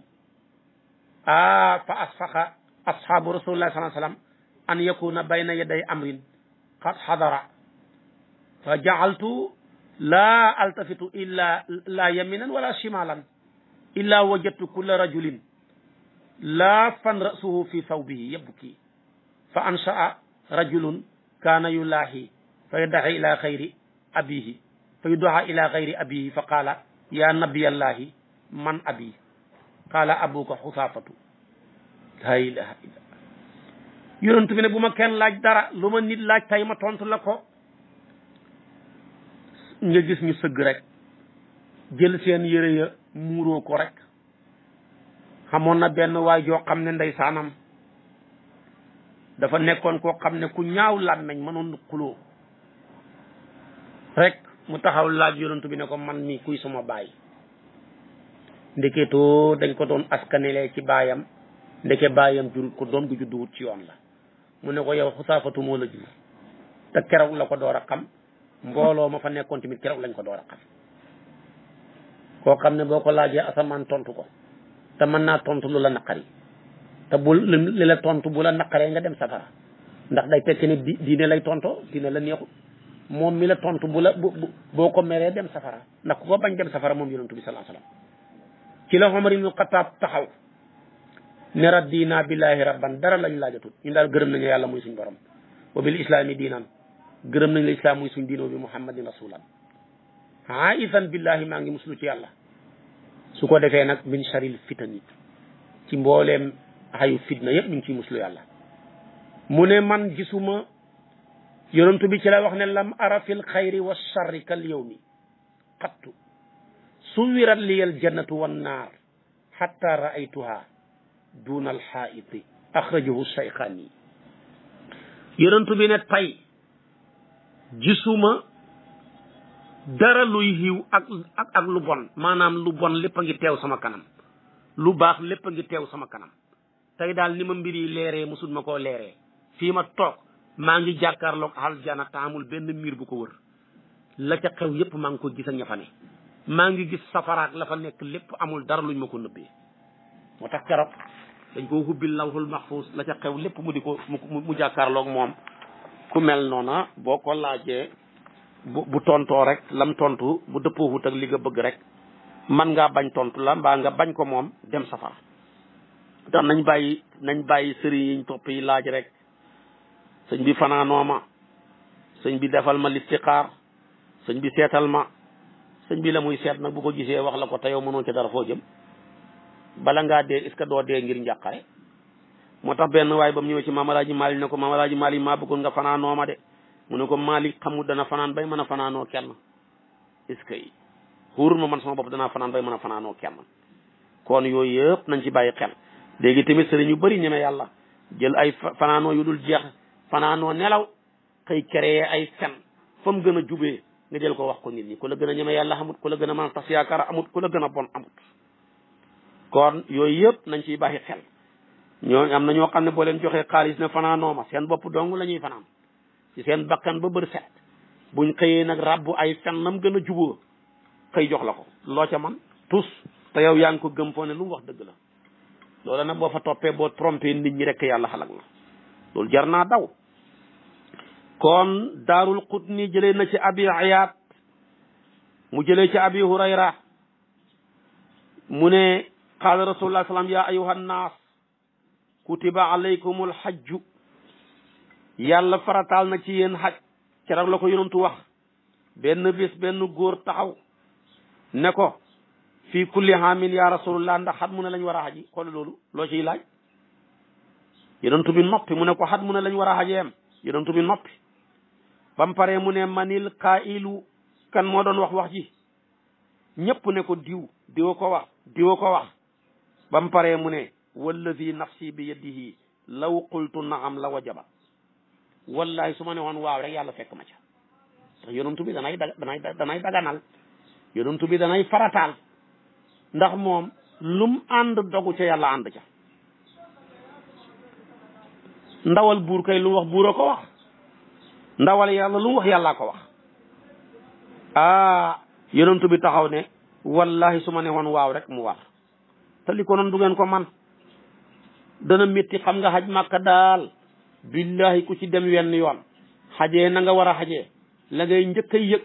a ah, fa asfaqa ashabu rasulillahi sallallahu an yakuna bayna yaday amrin qad hadara fa ja'altu لا التفت الا لا يمينا ولا شمالا الا وجدت كل رجل لافا راسه في ثوبه يبكي فانشا رجل كان يلاهي فيدعى الى خير ابيه فيدعى الى غير ابيه فقال يا نبي الله من ابي قال ابوك حصافه لا اله الا الله bi ne ابو مكان kenn laaj dara lu ma nit nga gis ñu sëgg rek jël seen yére ya muuroo ko rek xamoon na benn waay joo xam ne ndeysaanam dafa nekkoon koo xam ne ku ñaaw làmmeñ mënoon na xuloo rek mu taxaw laaj yonent bi ne ko man mii kuy sama baay ndeketoo dañ ko doon askanele ci baayam ndeke baayam jurut ko doom gu judduwut ci yoon la mu ne ko yow xusaafatu moo la jur te keroog la ko door a xam mbolo ma fa nekkon timit kérok lañ ko doora xam ko xamne ne laaje ko tontu ko te man na tontu lu la nakari, te bu li la tontu bu la nakare nga dem safara ndax day fekk ni diine lay tonto diine la neexu mom mi la tontu bu la boko mere dem safara ndax ko bañ dem safara mom yonentu bi salaa wasallam ci la umar ibn khattab taxaw ne raddina billahi rabban dara lañ laajatut ñu dal gëreem nañu yalla muy suñu borom wa bil diinan gërëm nañ la islam muy suñ diinoo bi muhammadin rasulan aisan billahi maa ngi muslu ci yàlla su ko defee nag min charil fitani ci mbooleem xayu fitna yëpp ñu ngi ciy muslu yàlla mu ne man gisuma yonent bi ci la wax ne lam ara fil xayri wa charri kal yawmi xattu suwirat liyal jannatu wan naar xatta raaytuha duna alxaiti akhrajahu shaykhani yonent bi ne tay gisuma dara luy xiiw ak ak lu bon maanaam lu bon lépp a ngi teew sama kanam lu baax lépp a ngi teew sama kanam tey daal ni ma mbir yi leeree musul ma koo leere fii ma toog maa ngi jàkkaarloog aljana te amul benn miir bu ko wër la ca xew yépp maa ngi ko gis ak ña maa ngi gis safaraak la fa nekk lépp amul dara luñ ma ko nëbbee moo tax keroog dañ koo hubbil lawhul mahfuz la ca xew lépp mu di ko mu jàkkaarloog moom ku mel noona boo ko laajee bu bu tontoo rek lam tontu bu dëppoowut ak li nga bëgg rek man ngaa bañ tontu la mbaa nga bañ ko moom dem safara tax nañ bàyyi nañ bàyyi sëriñ yiñ topp yi laaj rek sëñ bi fanaanoo ma sëñ bi defal ma listixaar sëñ bi seetal ma sëñ bi la muy seet nag bu ko gisee wax la ko te yow mënoo ci dara foo jëm bala ngaa dee est-ce que doo dee ngir njàqare moo tax benn waaye ba mu ñëwee ci maamalaaji Maalik ne ko maamalaaji Maalik maa bëggoon nga fanaanoo ma de mu ne ko maali xamul dana fanaan bay mën a fanaanoo kenn est-ce que xuurul man sama bopp danaa fanaan bay mën a fanaanoo kenn kon yooyu yëpp nañ ci bàyyi xel léegi tamit sëriñ bëri ñeme yàlla jël ay fanaanoo yu dul jeex fanaanoo nelaw xëy créer ay fen gën a jubee nga jël ko wax ko nit ñi ku la gën a ñeme yàlla amut ku gën a mën yaakaar amut ku la gën yooyu yëpp nañ ciy bàyyi xel ñoo am na ñoo xam ne boo leen joxee xaalis ne fanaanoo ma seen bopp dong la ñuy fanaan ci seen bakkan ba bër set buñ xëyee nag rabbu ay fen nam gën a juboo xëy jox la ko loo ca man tous te yow yaa ngi ko gëm foo ne lu wax dëgg la loola nag boo fa toppee boo trompé nit ñi rek yàlla xalak la loolu jar naa daw kon daarul qutni jëlee na ci abi ayaat mu jëlee ci abi hurayra mu ne qaala rasulullah salam ya ayuha nnaas kutiba alaykumul xajju yàlla farataal na ci yéen xaj keroog la ko yonantu wax benn bis benn góor taxaw ne ko fii kulli haamin ya rasulullah ndax xat mu ne lañ war a xaji xool loolu loo ciy laaj yonantu bi noppi mu ne ko xat mu ne lañ war a xajeem yonantu bi noppi bam paree mu ne manil qaa'ilu kan moo doon wax wax ji ñëpp ne ko diw diwa ko wax diwa ko wax bam paree mu ne والذي نفسي بيده لو قلت نعم لوجب والله سما نون واو رك يالا فك ماجا يونتو بي داناي داناي داناي داغانال داناي فراتال ندخ موم لوم اند دوغو تي يالا اند جا ndawal bur kay lu wax buro ko wax ndawal yalla lu wax yalla ko wax ah yonentou bi taxaw ne wallahi suma ne won waw rek mu wax taliko non du dana métti xam nga xaj màkka daal billahi ku ci dem wenn yoon xajee na nga war a xajee la ngay njëkk yëg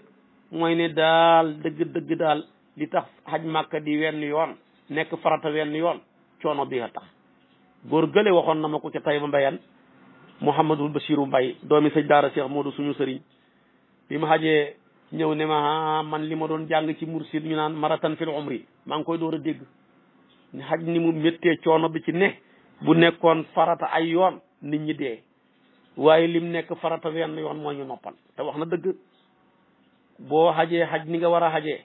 mooy ne daal dëgg dëgg daal li tax xaj màkka di wenn yoon nekk farata wenn yoon coono bi nga tax goor gële waxoon na ma ko ca tay ba mbayan Mouhamadul Bachirou Mbay doomi sëñ daara Cheikh Modou suñu sëriñ bi ma xajee ñëw ne ma ah, man li ma doon jàng ci mursid ñu naan maratan fil umri maa ngi koy door a dégg xaj ni mu méttee coono bi ci ne bu nekkoon farata ay yoon nit ñi dee waaye lim nekk farata wenn yoon moo ñu noppal te wax na dëgg boo xajee xaj ni nga war a xajee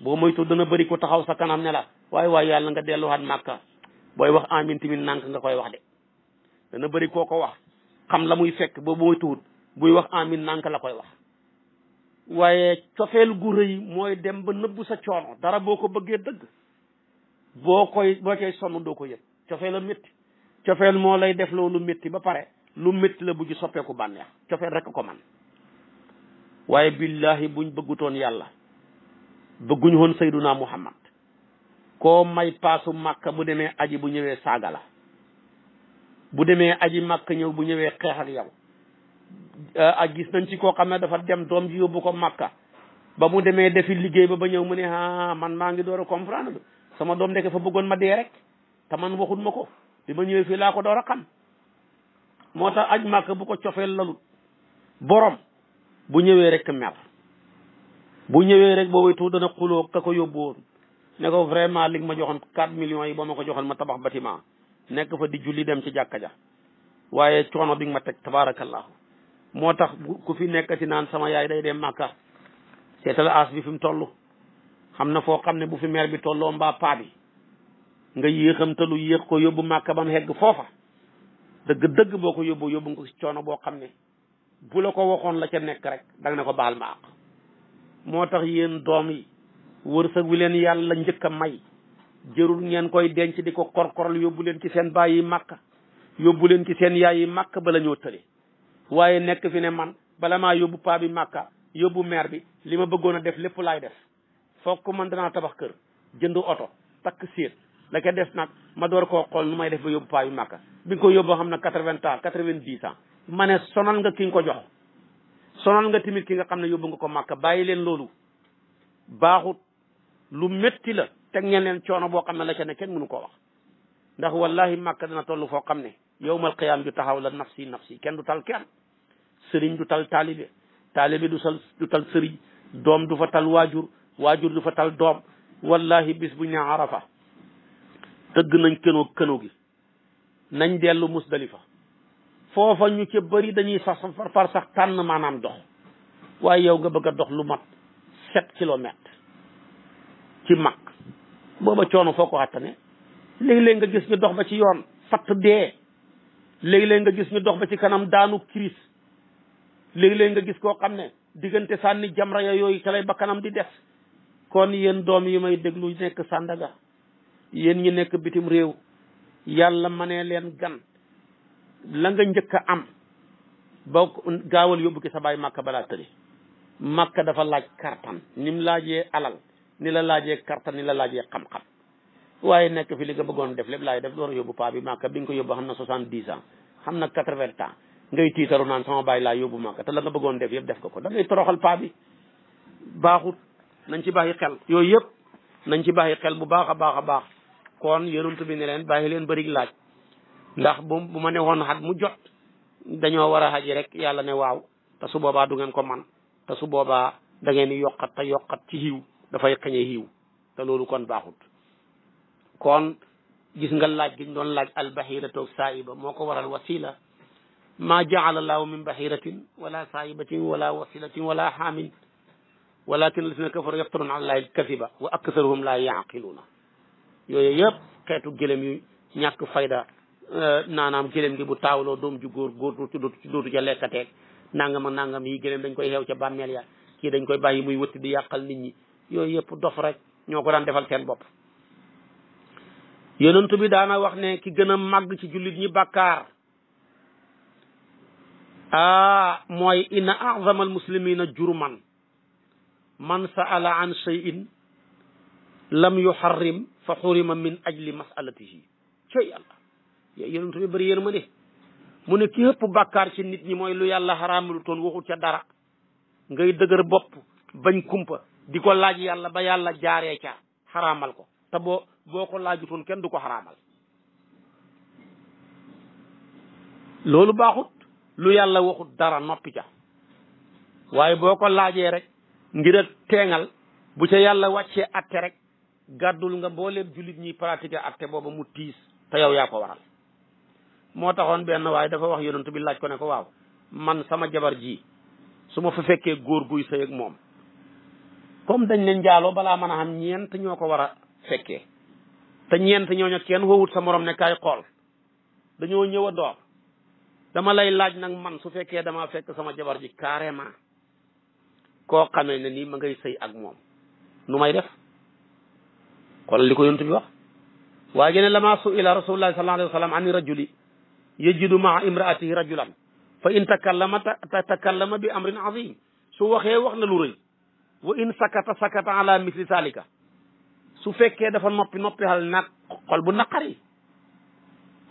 boo moytu dana bëri ko taxaw sa ne la waaye waaye yàlla nga delluwaat màkka booy wax amin tamit nànk nga koy wax dana bari koo ko wax xam la muy fekk boobu moytuwut buy wax amin nànk la koy wax waaye cofeel gu rëy mooy dem ba nëbbu sa coono dara boo ko bëggee dëgg boo koy boo koy sonn doo ko yëg cofeel a métti cofeel moo lay def loolu métti ba pare lu métti la bu ci soppeeku bànneex cofeel rek ko man waaye billahi buñ bëggutoon yàlla bëgguñu woon sayduna muhammad koo may paasu màkka bu demee aji bu ñëwee saaga la bu demee aji màkk ñëw bu ñëwee xeex ak yow a ah, gis nañ ci koo xam ne dafa dem doom ji yóbbu ko màkka ba mu demee defi liggéey ba ba ñëw mu ne ah man maa ngi door a comprendre sama doom ndeke fa bëggoon ma dee rek te man waxut ma ko bi ma ñëwee fii laa ko door a xam moo tax aj màkk bu ko cofeel lalut boroom bu ñëwee rek mer bu ñëwee rek boo tu dana xuloo ka ko yóbbu ne ko vraiment li nga ma joxoon quatre millions yi boo ma ko joxoon ma tabax bâtiment nekk fa di julli dem ci jàkka ja waaye coono bi nga ma teg tabaarakallaahu moo tax ku fi nekkati naan sama yaay day dem màkka seetal as bi fi mu toll xam na foo xam ne bu fi meer bi tolloo mbaa paa bi nga yéexamtalu yéex ko yóbbu màkka ba mu hegg foofa dëgg-dëgg boo ko yóbbu yóbbu nga ko ci coono boo xam ne bu la ko waxoon la ca nekk rek danga ne ko baal ma àq moo tax yéen doom yi wërsëg wi leen yàlla njëkk a may jërul ngeen koy denc di ko korkoral yóbbu leen ci seen baay yi màkk yóbbu leen ci seen yaay yi màkk bala ñoo tële waaye nekk fi ne man bala maa yóbbu paa bi màkka yóbbu meer bi li ma bëggoon a def lépp laay def foog ko man danaa tabax kër jënd oto takk la ca des nag ma door koo xool nu may def ba yóbbu paa yu màkka bi nga ko yóbboo xam ne quatre-vingts ans quatre vingt ma ne sonal nga ki nga ko jox sonal nga tamit ki nga xam ne yóbbu nga ko màkka bàyyi leen loolu baaxut lu metti la te ngeen leen coono boo xam ne la ca ne kenn mënu koo wax ndax wallahi màkka dina toll foo xam ne mal qiyaam ju taxaw la nafsi nafsi kenn du tal kenn sëriñ du tal taalibe taalibe du sal du tal sëriñ doom du fa tal waajur waajur du fa tal doom wallahi bis bu ñaa arafa dëgg nañ këno këno gi nañ dellu musdalifa foofa ñu ca bari dañuy sax far sax tànn maanaam dox waaye yow nga bëgg a dox lu mat sept kilomètres ci mag booba coono foo ko àttane léegi léeg nga gis ñu dox ba ci yoon fatt dee léeg nga gis ñu dox ba ci kanam daanu crise léegi léeg nga gis koo xam ne diggante sànni jamra ya yooyu ca lay ba kanam di def kon yéen doom yi may déglu nekk sàndaga yéen ngi nekk bitim réew yàlla ma ne leen gan la nga njëkk a am ba gaawal yóbbu ki sa baay màkka balaa tëri màkka dafa laaj kartan ni mu laajee alal ni la laajee kartan ni la laaj yee xam-xam waaye nekk fi li nga bëggoon def lépp laay def door a yóbbu paa bi màkka bi ko yóbbu xam na soixante dix ans xam na quatre vingt ans ngay tiitaru naan sama baay laa yóbbu màkka te la nga bëggoon def yëpp def ko ko da ngay toroxal paa bi baaxut nañ ci bàyyi xel yooyu yëpp ci bàyyi xel bu baax a baax a baax kon yonent bi ne leen bàyyi leen bërig laaj ndax bu bu ma ne woon xat mu jot dañoo war a xaji rek yàlla ne waaw te su boobaa du ngeen ko man te su boobaa da ngeen di yokkat te yokkat ci xiiw dafay xañe xiiw te loolu kon baaxut kon gis nga laaj giñ doon laaj albahira toog saayiba moo ko war waral wasila ma jaala allahu min bahiratin wala saayibatin wala wasilatin wala xaamin walakin alladina kafaru yaftarun ala allahi alkasiba wa aktaruhum la yaqiluuna yooyu yëpp xeetu gëlëm yu ñàkk fayda euh, naanaam gëlëm gi bu taawloo doom ju góor góor dootu dootu ca lekkateeg nangam ak nangam yi gëlëm dañ koy xew ca bàmmeel ya kii dañ koy bàyyi muy wëtti di yàqal nit ñi yooyu yëpp dof rek ñoo ko daan defal seen bopp yonentu bi daana wax ne ki gën a màgg ci jullit ñi bàkkaar aa mooy inna azama almuslimina jurman man saala an cheyin lam yuharrim fa xurima min ajli masalatihi cey yàlla yooyu yonent bi bëri yërmande mu ne ki ëpp bàkkaar ci nit ñi mooy lu yàlla xaraamalu toon waxul ca dara ngay dëgër bopp bañ kumpa di ko laaj yàlla ba yàlla jaaree ca xaramal ko te boo boo ko laajutoon kenn du ko xaraamal loolu baaxut lu yàlla waxut dara noppi ca waaye boo ko laajee rek ngir a teengal bu ca yàlla wàccee atte rek gàddul nga mbooleem julit ñi pratiquer acte booba mu tiis te yow yaa ko waral moo taxoon benn waaye dafa wax yonent bi laaj ko ne ko waaw man sama jabar ji su ma fa fekkee góor guy sëy ak moom comme dañ ne njaaloo balaa mën a xam ñeent ñoo ko war a fekkee te ñeent kenn sa morom ne kaay xool dañoo ñëw a dama lay laaj nag man su fekkee dama fekk sama jabar ji carrément koo xamee ne nii ma ngay sëy ak moom nu may def xoolal li ko yontu bi wax waaye gene lama su ila rasulullahi sallallahu alayhi wa sallam ani rajuli yajidu maa imraatihi rajulan fa in takallama takallama bi amrin azim su waxee wax na lu rëy wa in sakata sakata ala misli salika su fekkee dafa noppi noppi xal nag xol bu naqari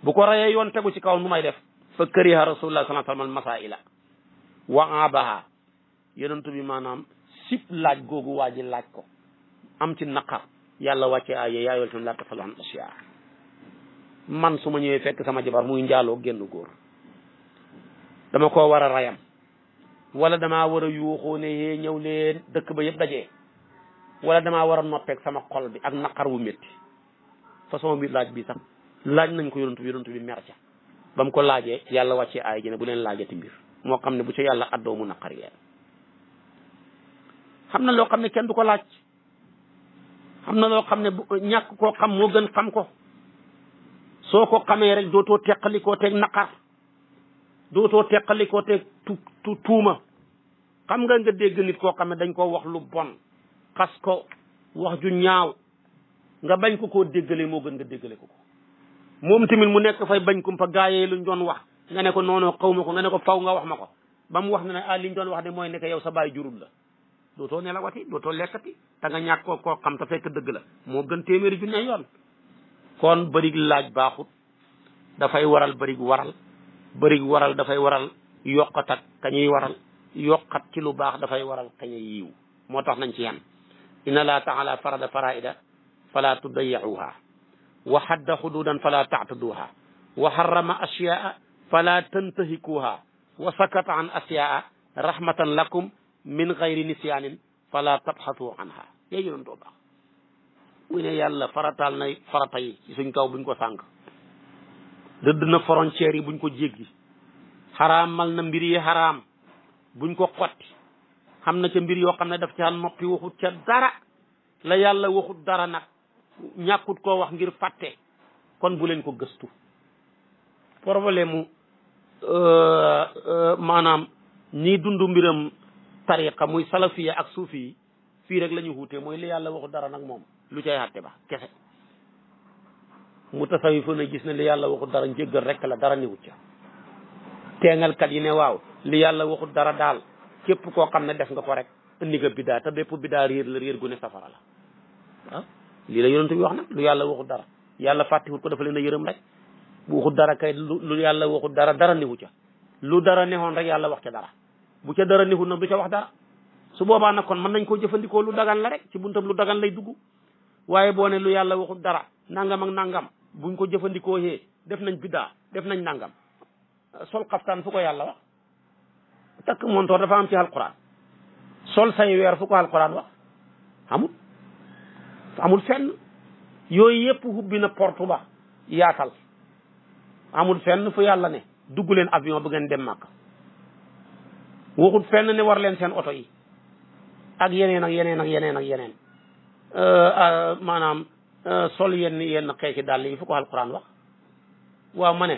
bu ko rayee yoon tegu ci kaw nu may def fa këriha rasulullah sallallahu alayhi wa sallam masaila wa abaha yonentu bi maanaam sib laaj googu waa ji laaj ko am ci naqar yàlla wàcce aaya yaa ayyuhal laa tas'al an ashyaa man su ma ñëwee fekk sama jabar muy njaaloo génn góor dama ko war a rayam wala damaa war a yuuxoo ne ñëw leen dëkk ba yëpp wala damaa war a sama xol bi ak naqar wu métti bi laaj bi laaj nañ ko yonantu yonantu bi mer ba mu ko laajee yàlla wàccee aay ji ne bu leen laajati mbir moo xam ne bu ca yàlla addoo mu naqari leen loo xam ne kenn du ko laaj xam na loo xam ne ñàkk koo xam moo gën xam ko soo ko xamee rek dootoo teqalikoo teeg naqar dootoo teqalikoo teeg tu tu tuuma xam nga nga dégg nit koo xam ne dañ koo wax lu bon xas ko wax ju ñaaw nga bañ ko koo déggalee moo gën nga déggale ko ko moom tamit mu nekk fay bañ kumpa gaayee lu ñu doon wax nga ne ko noonu xaw ma ko nga ne ko faw nga wax ma ko ba mu wax na ne ah li ñu doon wax de mooy nekk yow sa baay jurul la doto nelawati doto lekati da nga ko ko xam ta fekk deug la mo gën téméré ju ñay yoon kon bërig laaj baxut da fay waral bërig waral bërig waral da fay waral yokkat ak kañuy waral yokkat ci lu bax da fay waral kañuy yiw moo tax nañ ci yam inna la taala farada faraida fala tudayyuha wa hadda hududan fala ta'tuduha wa harrama ashyaa fala tantahikuha wa sakata an asya'a rahmatan lakum min ghairi nisyanin fala tabxatu anha yaa yonent bu baax mu ne yàlla farataal na farata yi ci suñ kaw buñ ko sank dëdd na frontière yi buñ ko jéggi xaraamal na mbir yi xaraam buñ ko xotti xam na ca mbir yoo xam ne daf caa noppi waxut ca dara la yàlla waxut dara nag ñàkkut koo wax ngir fàtte kon bu leen ko gëstu problème mu euh, euh, maanaam ni dund mbiram tariqa muy salafiya ak suuf yi fii rek lañu ñu wuutee mooy li yàlla waxu dara nag moom lu cay àtte ba kese mu tasawifu na gis ne li yàlla waxu dara njéggal rek la dara niwu ca yi ne waaw li yàlla waxu dara daal képp koo xam ne def nga ko rek indi nga biddaa te bépp biddaa réer la réer gu ne safara la waaw ah, lii la yonent bi wax nag lu yàlla waxu dara yàlla fàttiwut ko dafa leen a yërëm rek bu waxu dara kay lu yàlla waxu dara dara niwu ca lu dara neexoon rek yàlla wax ca dara bu ca dara neexul nag du ca wax dara su boobaa nag kon mën nañ koo jëfandikoo lu dagan la rek ci buntam lu dagan lay dugg waaye boo ne lu yàlla waxul dara nangam ak nangam buñ ko jëfandikoo hee def nañ biddaa def nañ nangam sol xaftaan fu ko yàlla wax takk montoor dafa am ci alquran sol say weer fu ko alquran wax amul amul fenn yooyu yëpp hubbi na porte ba yaatal amul fenn fu yàlla ne dugg leen avion bu ngeen dem màkk waxut fenn ne war leen seen oto yi ak yeneen ak yeneen ak yeneen ak yeneen euh, euh, maanaam euh, sol yenn yenn xeeci dàll yi fu ko alquran wax waaw ma ne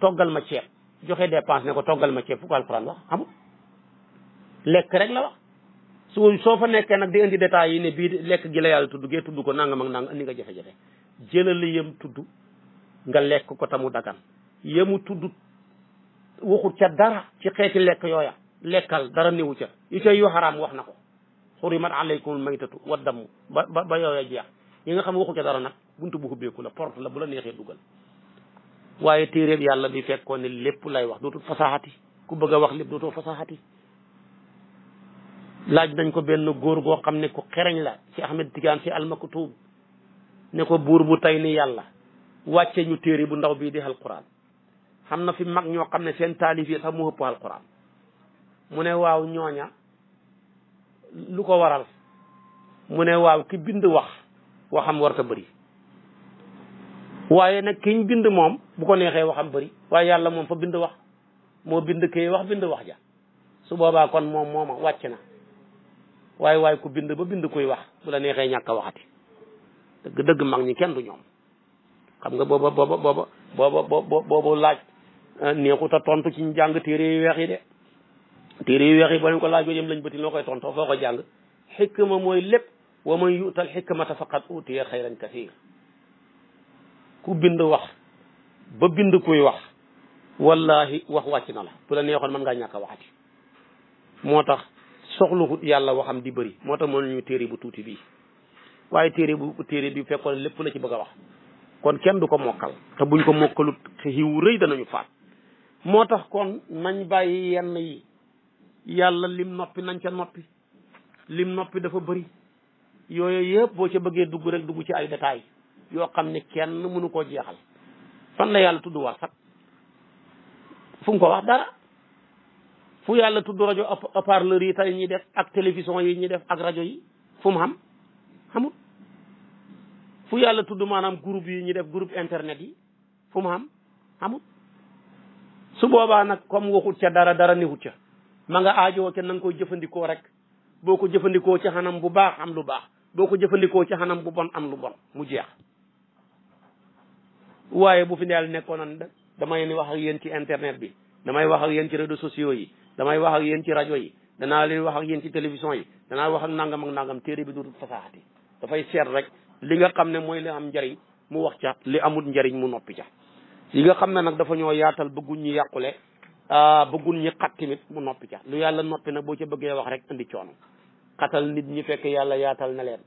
toggal ma ceeb joxe dépense ne ko toggal ma ceeb fu ko alquran wax amul lekk rek la wax su soo fa nekkee nag di indi détails yi ne bii lekk gi la yàlla tudd gee tudd ko nangam ak nangam indi nga jafe-jafe jëlal yem tudd nga lekk ko tamu dagan yemu tudd waxut ca dara ci xeeti lekk yooya lekkal dara néewu ca yu ca yu xaraam wax na ko xurimat alaykum almaytatu wa damu ba ba ba a jeex yi nga xam waxu ca dara nag buntu bu xubbeeku la porte la bu la neexee dugal waaye téeréeb yàlla bi fekkoon ne lépp lay wax dootul fasaxati ku bëgg a wax lépp dootoo fasaxati laaj nañ ko benn góor goo xam ne ku xereñ la ci Ahmed Tidiane si almaktub ne ko buur bu tey ni yàlla wàcce ñu téere bu ndaw bi di alquran xam na fi mag ñoo xam ne seen taalif yi mu ëpp mu ne waaw ñooña lu ko waral mu ne waaw ki bind wax waxam warta bëri waaye nag kiñ bind moom bu ko neexee waxam bëri waaye yàlla moom fa bind wax moo bind kay wax bind wax ja su boobaa kon moom mooma wàcc na waaye waaye ku bind ba bind kuy wax bu la neexee ñàkk a waxati dëgg dëgg mag ñi kenn du ñoom xam nga booba booba booba booba laaj eh, neexut tontu ci njàng téere yu weex yi de téere yu weex yi boo leen ko laajoo jëm lañ bëti noo koy tontoo foo ko jàng xikma mooy lépp wa man yuutal xikmata faqad utiya xayran kasiir ku bind wax ba bind kuy wax wallahi wax wàcc na la bu la neexoon mën ngaa ñàkk a waxati moo tax soxluhut yàlla waxam di bëri moo tax mën ñu téere bu tuuti bii waaye téere bu téere bi fekkoon lépp la ci bëgg a wax kon kenn du ko mokkal te buñ ko mokkalut xiw rëy danañu faat moo tax kon nañ bàyyi yenn yi yàlla lim noppi nañ ca noppi lim noppi dafa bari yooyu yëpp boo ca bëggee dugg rek dugg ci ay détails yoo xam ne kenn mënu koo jeexal fan la yàlla tudd war sax fu nga ko wax dara fu yàlla tudd rajo haut yi tey ñuy def ak télévision yi ñuy def ak rajo yi fu mu xam xamul fu yàlla tudd maanaam groupe yi ñuy def groupe internet yi fu mu am xamul su boobaa nag comme waxut ca dara dara newut ca ma nga aajoo te na nga koy jëfandikoo rek boo ko jëfandikoo ci xanam bu baax am lu baax boo ko jëfandikoo ci xanam bu bon am lu bon mu jeex waaye bu fi ndeel nekkoon damay ni wax ak yéen ci internet bi damay wax ak yéen ci réseaux sociaux yi damay wax ak yéen ci rajo yi danaa leen wax ak yéen ci télévision yi danaa wax ak nangam ak nangam téere bi dootul fasaxati dafay seet rek li nga xam ne mooy li am njariñ mu wax ca li amul njariñ mu noppi ca li nga xam ne nag dafa ñoo yaatal bëgguñ ñu yàqule Ah, bëggul ñi xat tamit mu noppi ca lu yàlla noppi na boo ca bëggee wax rek indi coono xatal nit ñi fekk yàlla yaatal na leen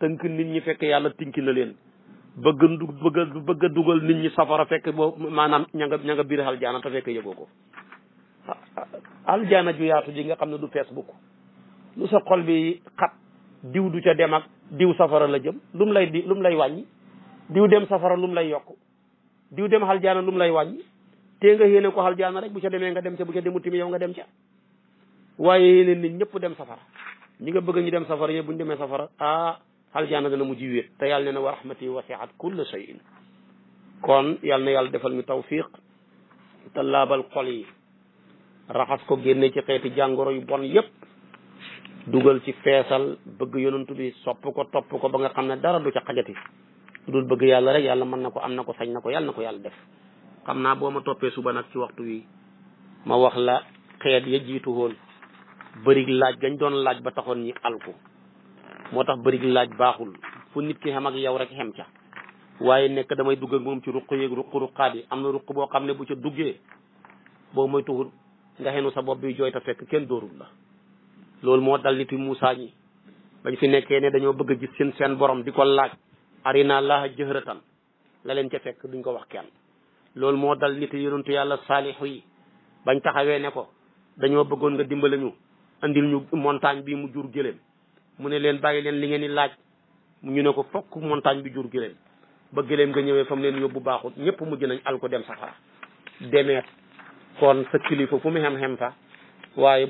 tënk nit ñi fekk yàlla tinki na leen bëgg bëgg bëgg dugal nit ñi safara fekk boo maanaam ña nga ña nga biir aljaana te fekk yëgoo ko aljaana ju yaatu ji nga xam ne du facebook lu sa xol bi xat diw du ca dem ak diw safara la jëm lum lay di lum lay wàññi diw dem safara lum lay yokk diw dem aljaana lum lay wàññi té nga yéene ko aljanna rek bu ca démé nga dem ca bu ca demut timi yow nga dem ca wayé yéene nit ñëpp dem safara ñi nga bëgg ñu dem safara démé safara ah aljanna dana mujj wé té yalla néna wa rahmati wasiat kulla shay'in kon yalla na yalla defal ñu tawfiq te laabal xol raxas ko génné ci xeeti jangoro yu bon yépp dugal ci fessal bëgg yonantu bi sopp ko top ko ba nga xamné dara du ca xajati dul bëgg yalla rek yalla man nako am nako sañ nako yalla nako yalla def xam naa boo ma toppee suba nag ci waxtu wi ma wax la xeet ya jiitu woon bërig laaj gañ doon laaj ba taxoon ñi alku moo tax bërig laaj baaxul fu nit ki xam ak yow rek xem ca waaye nekk damay dugg ak moom ci ruq yeeg ruq ruqaat yi am na ruq boo xam ne bu ca duggee boo may tuxul nga xenu sa bopp bi jooy ta fekk kenn dóorul la loolu moo dal nit yi Moussa ñi bañ fi nekkee ne dañoo bëgg a gis seen seen borom di ko laaj arina laha jëhratan la leen ca fekk duñ ko wax kenn loolu moo dal nit yonentu yàlla saalihu yi bañ taxawee ne ko dañoo bëggoon nga dimbale ñu andil ñu montagne bi mu jur gëléem mu ne leen bàyyi leen li ngeen di laaj ñu ne ko fokk montagne bi jur gëléem ba gëléem nga ñëwee fa mu leen yóbbu baaxut ñëpp mujj nañ al ko dem safara demeet kon sa kilifa fu mu xem-xem fa waaye